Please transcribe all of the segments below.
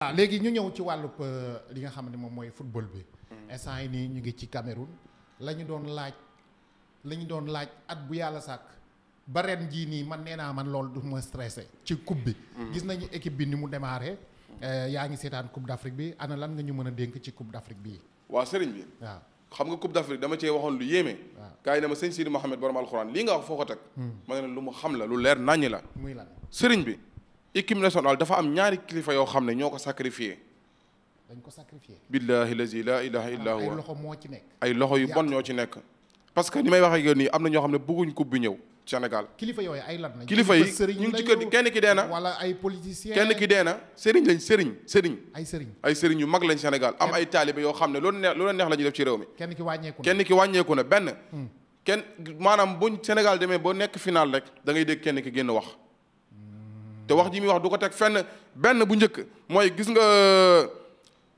waaw ah, léegi ñu ñëw ci wàllub euh, li nga xam ne moom mooy football bi. Mm. instant yi nii ñu ngi ci Cameroun la ñu doon laaj lañu doon laaj at bu yàlla sàkk ba ren jii nii man neena man loolu du ma stressé ci coupe bi. Mm. gis nañu équipe bi ni mu démarré. Euh, yaa ngi seetaan coupe d' Afrique bi ana lan nga ñu mën a dénk ci coupe d' Afrique bii. waaw sëriñ bi. waaw xam nga coupe d' Afrique dama cee waxoon lu yéeme. kaay na ma sëñ Sidi Mohamed borom alxuraan lii nga wax foo ko teg. Mm. ma lu mu xam la lu leer naññ la. muy lan sëriñ bi. équipe nationale dafa am ñaari kilifa yoo xam ne ñoo ko sacrifié. dañ ko sacrifié. billaahi lazi laa ilaaha illaa huwa ay loxo moo ci nekk. ay loxo yu bon ñoo ci nekk. parce que ni may wax ak yow nii am na ñoo xam ne bëgguñ coupe bu ñëw Sénégal. kilifa yooyu ay lan kilifa yi ñu ngi ci kër kenn ki dee na. wala ay politiciens ki dee na sëriñ lañ sëriñ sëriñ. ay sëriñ ay sëriñ yu mag lañ Sénégal am ay taalibe yoo xam ne loolu neex loolu neex la ñuy def ci réew mi. kenn ki wàññeeku na kenn ki wàññeeku na benn. Hmm. kenn maanaam buñ Sénégal demee ba nekk final rek da ngay dégg kenn ki génn wax te wax ji mi wax du ko teg fenn benn bu njëkk mooy gis nga euh,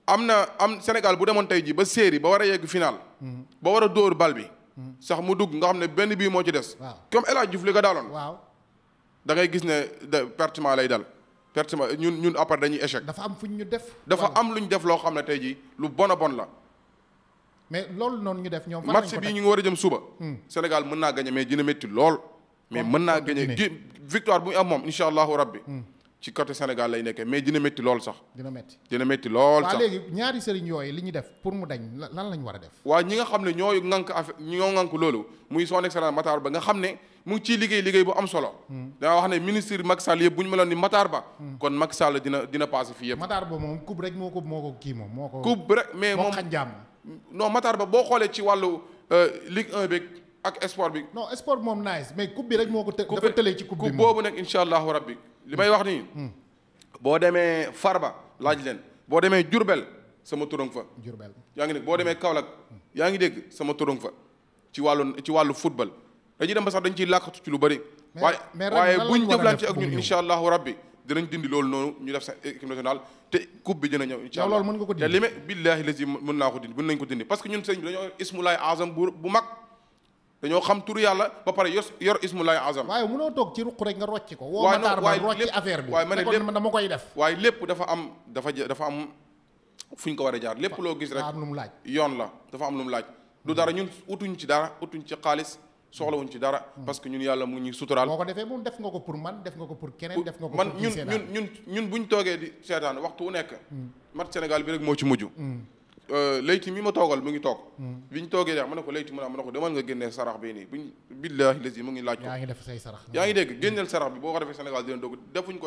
am na am Sénégal bu demoon tey ji ba série ba war a yegg final. Mm-hmm. ba war a dóor bal bi. Mm-hmm. sax mu dugg nga xam ne benn bii moo ci des. comme El Hadj Diouf li daaloon. waaw da gis ne de lay dal. pertement ñun ñun après dañuy échec. dafa am fu ñu def. dafa am lu ñu def loo xam ne tey jii lu bon a bon la. mais loolu noonu ñu def ñoom. match bii ñu ngi war a jëm suba. Hmm. Sénégal mën naa gagné mais dina métti lool. mais mën naa gagné victoire bu ñu am moom incha allahu rabbi hmm. ci côté Sénégal lay nekkee mais dina métti lool sax. dina métti dina métti lool sax waaw léegi ñaari sëriñ yooyu li ñu def pour mu dañ lan lañ war a def. waaw ñi nga xam ne ñooy ŋànk affaire ñoo ŋànk loolu muy son excellence Matar Ba nga xam ne mu ngi liggéey liggéey bu am solo. Hmm. daa wax ne ministre Macky Sall yëpp bu ñu meloon ni Matar Ba. Hmm. kon Macky Sall dina dina paase fii yëpp. Matar Ba moom coupe rek moo ko moo ko kii moo ko. coupe rek mais moom moo xañ jàmm. non Matar Ba boo xoolee ci wàllu euh, Ligue ak sport bi. non sport moom nice mais coupe bi rek moo ko të dafa tëlee ci coupe bi boobu nag incha allahu rabbi li may wax nii. Hmm. boo demee Farba laaj leen boo demee Jurbel sama turang fa. Jurbel yaa ngi dégg boo demee Kaolack yaa ngi dégg sama turang fa ci wàllu ci wàllu football dañuy dem ba sax dañ ciy làkkatu ci lu bëri. waaye waaye buñ jëflante ak ñun incha allahu rabbi dinañ dindi loolu noonu ñu def sa équipe nationale te coupe bi dina ñëw incha allah mën naa ko dindi ko dindi parce que ñun sëñ bi dañoo ismu azam bu bu mag. dañoo xam turu yàlla ba pare yor yor ismulaay azam. waaye munoo toog ci ruq rek nga rocc ko. woo Matar ba rocc affaire bi waaye ma ne lépp dama koy def. waaye lépp dafa am dafa dafa am fu ñu ko war a jaar lépp loo gis rek. am lu mu laaj yoon la dafa am lu mu laaj. lu dara ñun utuñ ci dara utuñ ci xaalis. soxlawuñ ci dara. Hmm. parce que ñun yàlla mu ñuy suturaal. boo ko defee moom def nga ko pour man def nga ko pour keneen. def nga ko pour man ñun ñun ñun ñun buñ toogee di seetaan waxtu wu nekk. Hmm. mat Sénégal bi rek moo ci mujj. Hmm. Euh, layti mi ma toogal mu ngi toog hmm. bi ñu toogee daa ma ne ko layti mu naa ma ne ko demal nga génnee sarax bi nii buñ billaahi lazi mu ngi laaj ko yaa ngi def say sarax yaa ngi dégg génneel sarax bi boo ko defee Sénégal dina dugg defuñ hmm.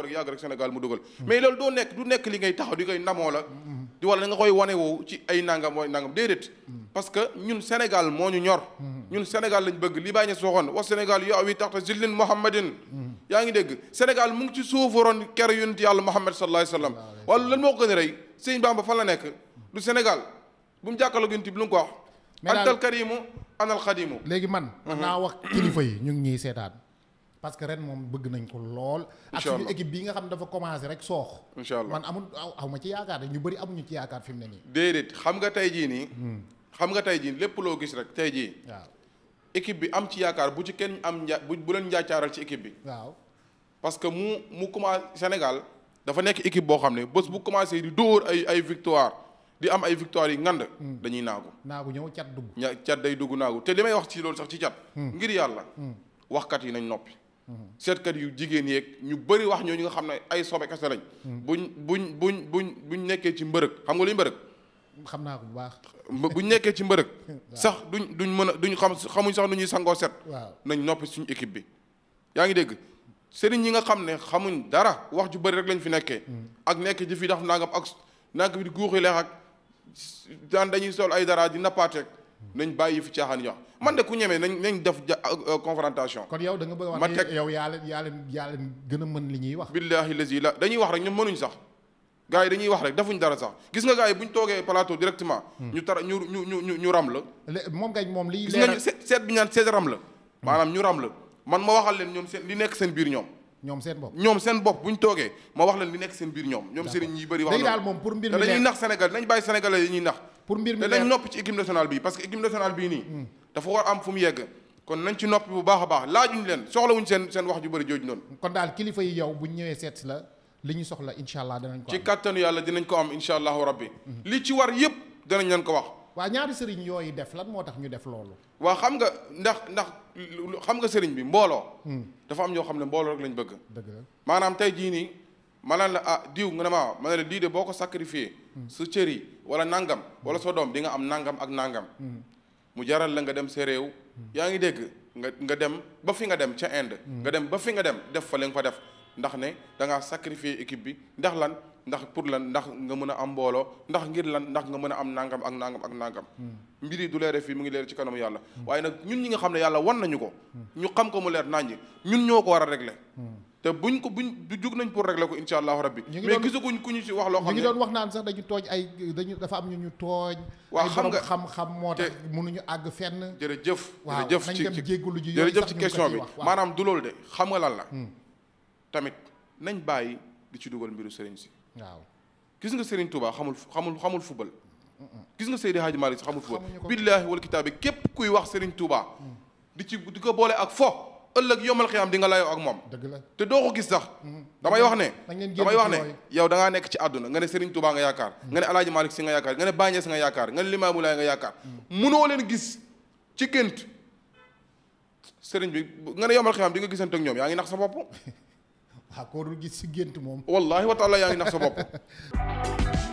du nekk li ngay taxaw di koy ndamoo la hmm, di wala nga koy wane woo ci ay nangam way nangam déedéet parce que ñun Sénégal moo ñu ñor ñun Sénégal lañ bëgg li bàyyi ñu soxoon wa Sénégal yo awi taxta zillin Muhammadin yaa ngi dégg Sénégal mu ngi ci suufaroon ker yonent yàlla Muhammad sallallahu alayhi wa sallam wala lan moo ko gën a rey Sëñ Bamba fan la nekk bu mu jàkkaarloog yonent bi lu mu ko wax. antal karimu anal xadimu léegi man. Mhm. naa wax kilifa yi ñu ngi ñuy seetaan. parce que ren moom bëgg nañ ko lool. ak suñu équipe bii nga xam dafa commencé rek soox. incha allah man amul aw ma ci yaakaar ñu bëri amuñu ci yaakaar fi ne nii. déedéet xam nga tey jii nii. Hmm. xam nga tey jii lépp loo gis rek tey jii. équipe bi am ci yaakaar bu ci kenn am nja bu bu leen njaacaaral ci équipe bi. waaw parce que mu mu commencé Sénégal dafa nekk équipe boo xam ne bés bu commencé di dóor ay ay victoire. di am ay victoire yi ngand hmm. dañuy naagu naagu ñëw cat dugg ña cat day dugg naagu te li may wax ci loolu sax ci cat hmm. ngir yàlla hmm. waxkat yi nañ noppi seetkat yu jigéen yeeg ñu bëri wax ñooñu nga xam ne ay sobe kese lañ buñ buñ buñ buñ buñ nekkee ci mbërëg xam nga luy mbërëg xam naa bu baax buñ nekkee ci mbërëg sax duñ duñ mën a duñ xam xamuñ sax nu ñuy sangoo set nañ noppi suñu équipe bi yaa ngi dégg sëriñ ñi nga xam ne xamuñ dara wax ju bëri rek lañ fi nekkee ak nekk di fi daf nangam ak nak bi di guuxi leex ak daan dañuy sol ay dara di nappaateeg nañ bàyyi fi caaxaan yi man de ku ñemee nañ nañ def euh, euh, confrontation. kon yow da nga bëgg a wax ne yow yaa leen yaa leen yaa leen gën a mën li ñuy wax. billaahi lazi la dañuy wax rek ñoom mënuñ sax gars yi dañuy wax rek defuñ dara sax gis nga gaa yi bu ñu toogee plateau directement. Hmm. ñu tara ñu ñu ñu ñu ram la. moom gañ moom li gis nga seet bi ñaan seet ram la. Hmm. maanaam ñu ram la man ma waxal leen ñoom seen li nekk seen biir ñoom ñoom seen bopp ñoom seen bopp bu ñu toogee ma wax leen li nekk seen biir ñoom ñoom sëriñ ñi bëri wax daal moom pour mbir mi dañuy nax Sénégal nañ bàyyi Sénégalais yi ñuy nax pour mbir mi dañ noppi ci équipe nationale parce que équipe nationale bii nii dafa war am fu mu yegg kon nañ ci noppi bu baax a baax laajuñ leen soxlawuñ seen seen wax ju bëri jooju noonu kon daal kilifa yi yow buñ ñëwee seet la li ñu soxla incha allah danañ ko ci kattanu yàlla dinañ ko am incha allahu rabbi mm-hmm. li ci war yëpp danañ leen ko wax waa ñaari sëriñ yooyu def lan moo tax ñu def loolu. waa xam nga ndax ndax xam nga sëriñ bi mbooloo. Hmm. dafa am ñoo xam ne mbooloo rek lañ bëgg. dëgg maanaam tey jii nii ma la ah diw nga ne ma waaw ma ne la lii de boo ko sacrifié. Hmm. su cër yi wala nangam wala sa doom di nga am nangam ak nangam. Hmm. mu jaral la nga dem sa réew. yaa ngi dégg nga nga dem ba fi nga dem ca Inde. nga dem ba fi nga dem def fa la nga fa def ndax ne da ngaa sacrifié équipe bi ndax lan. ndax pour lan ndax nga mën a am mbooloo ndax ngir lan ndax nga mën a am nangam ak nangam ak nangam hmm. mbir yi du leere fii mu ngi leer ci kanamu yàlla hmm. waaye nag ñun ñi nga xam ne yàlla wan nañu ko hmm. ñu xam ko mu leer naññi ñun ñoo ko war a régler te bu buñ ko buñ du jug nañ pour régler ko insha allahu rabbi mais gisaguñ ku ñu si wax loo xam ne ñu ngi doon wax naan sax dañu ay dañu dafa am ñu ñu tooñ waaw xam nga xam-xam moo tax mënuñu àgg fenn jërëjëf jërëjëf ci jërëjëf ci question bi maanaam du loolu de xam nga lan la tamit nañ bàyyi di ci dugal mbiru sëriñ si. waaw gis nga sëriñ Touba xamul xamul xamul fubal. gis nga Seydi Hadji Malick si xamul fubal. billaahi wal kitaabi képp kuy wax sëriñ Touba. Mm. di ci di ko boole ak fo. ëllëg yomal xiyaam di nga layoo ak moom te doo ko gis sax damay wax ne damay wax ne yow danga ngaa nekk ci àdduna nga ne Serigne Touba nga yaakaar mm. nga ne Alaaji Malick Si nga yaakaar nga ne Baye Niass nga yaakaar nga ne Limaamu Laay nga yaakaar mm. munoo leen gis ci gént Serigne bi nga ne yomal xiyaam di nga gisante ñoom yaa ngi nax sa bopp waaw koo dul gis si gént moom. wallaahi wa taala yaa ngi nax sa bopp.